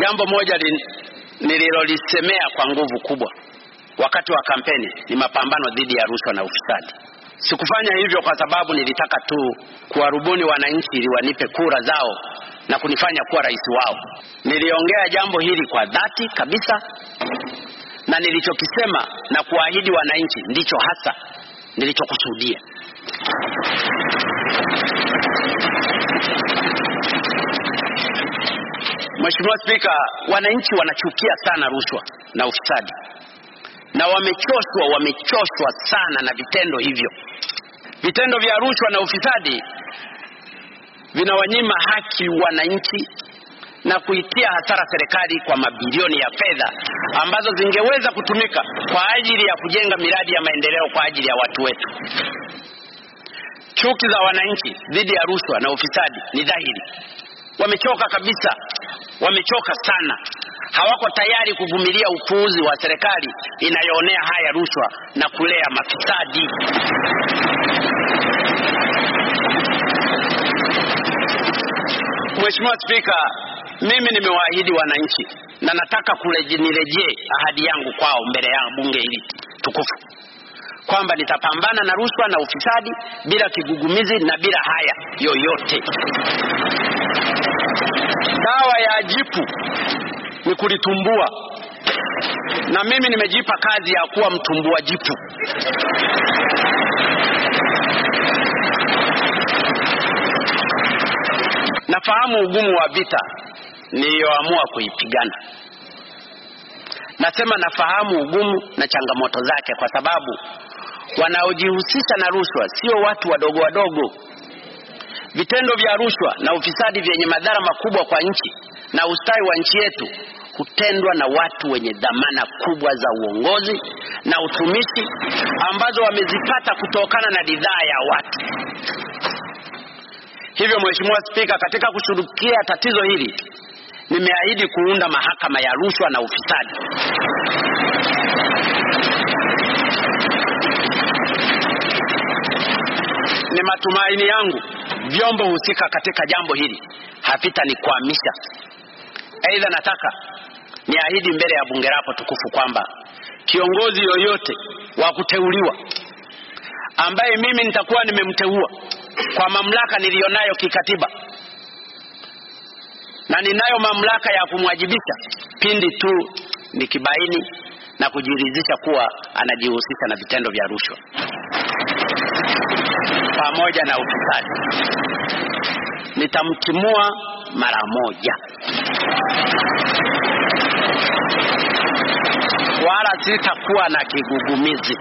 Jambo moja nililolisemea kwa nguvu kubwa wakati wa kampeni ni mapambano dhidi ya rushwa na ufisadi. Sikufanya hivyo kwa sababu nilitaka tu kuwarubuni wananchi ili wanipe kura zao na kunifanya kuwa rais wao. Niliongea jambo hili kwa dhati kabisa, na nilichokisema na kuahidi wananchi ndicho hasa nilichokusudia. Mheshimiwa Spika, wananchi wanachukia sana rushwa na ufisadi na wamechoshwa, wamechoshwa sana na vitendo hivyo. Vitendo vya rushwa na ufisadi vinawanyima haki wananchi na kuitia hasara serikali kwa mabilioni ya fedha ambazo zingeweza kutumika kwa ajili ya kujenga miradi ya maendeleo kwa ajili ya watu wetu. Chuki za wananchi dhidi ya rushwa na ufisadi ni dhahiri. Wamechoka kabisa wamechoka sana, hawako tayari kuvumilia upuuzi wa serikali inayoonea haya rushwa na kulea mafisadi. Mheshimiwa Spika, mimi nimewaahidi wananchi na nataka nirejee ahadi yangu kwao mbele ya bunge hili tukufu kwamba nitapambana na rushwa na ufisadi bila kigugumizi na bila haya yoyote jipu ni kulitumbua, na mimi nimejipa kazi ya kuwa mtumbua jipu. Nafahamu ugumu wa vita niliyoamua kuipigana. Nasema nafahamu ugumu na changamoto zake, kwa sababu wanaojihusisha na rushwa sio watu wadogo wadogo. Vitendo vya rushwa na ufisadi vyenye madhara makubwa kwa nchi na ustawi wa nchi yetu hutendwa na watu wenye dhamana kubwa za uongozi na utumishi ambazo wamezipata kutokana na ridhaa ya watu. Hivyo Mheshimiwa Spika, katika kushughulikia tatizo hili nimeahidi kuunda mahakama ya rushwa na ufisadi. Ni matumaini yangu vyombo husika katika jambo hili havitanikwamisha Aidha, nataka niahidi mbele ya bunge lako tukufu kwamba kiongozi yoyote wa kuteuliwa ambaye mimi nitakuwa nimemteua kwa mamlaka niliyonayo kikatiba na ninayo mamlaka ya kumwajibisha pindi tu nikibaini na kujiridhisha kuwa anajihusisha na vitendo vya rushwa pamoja na ufisadi, nitamtimua mara moja wala zitakuwa na kigugumizi.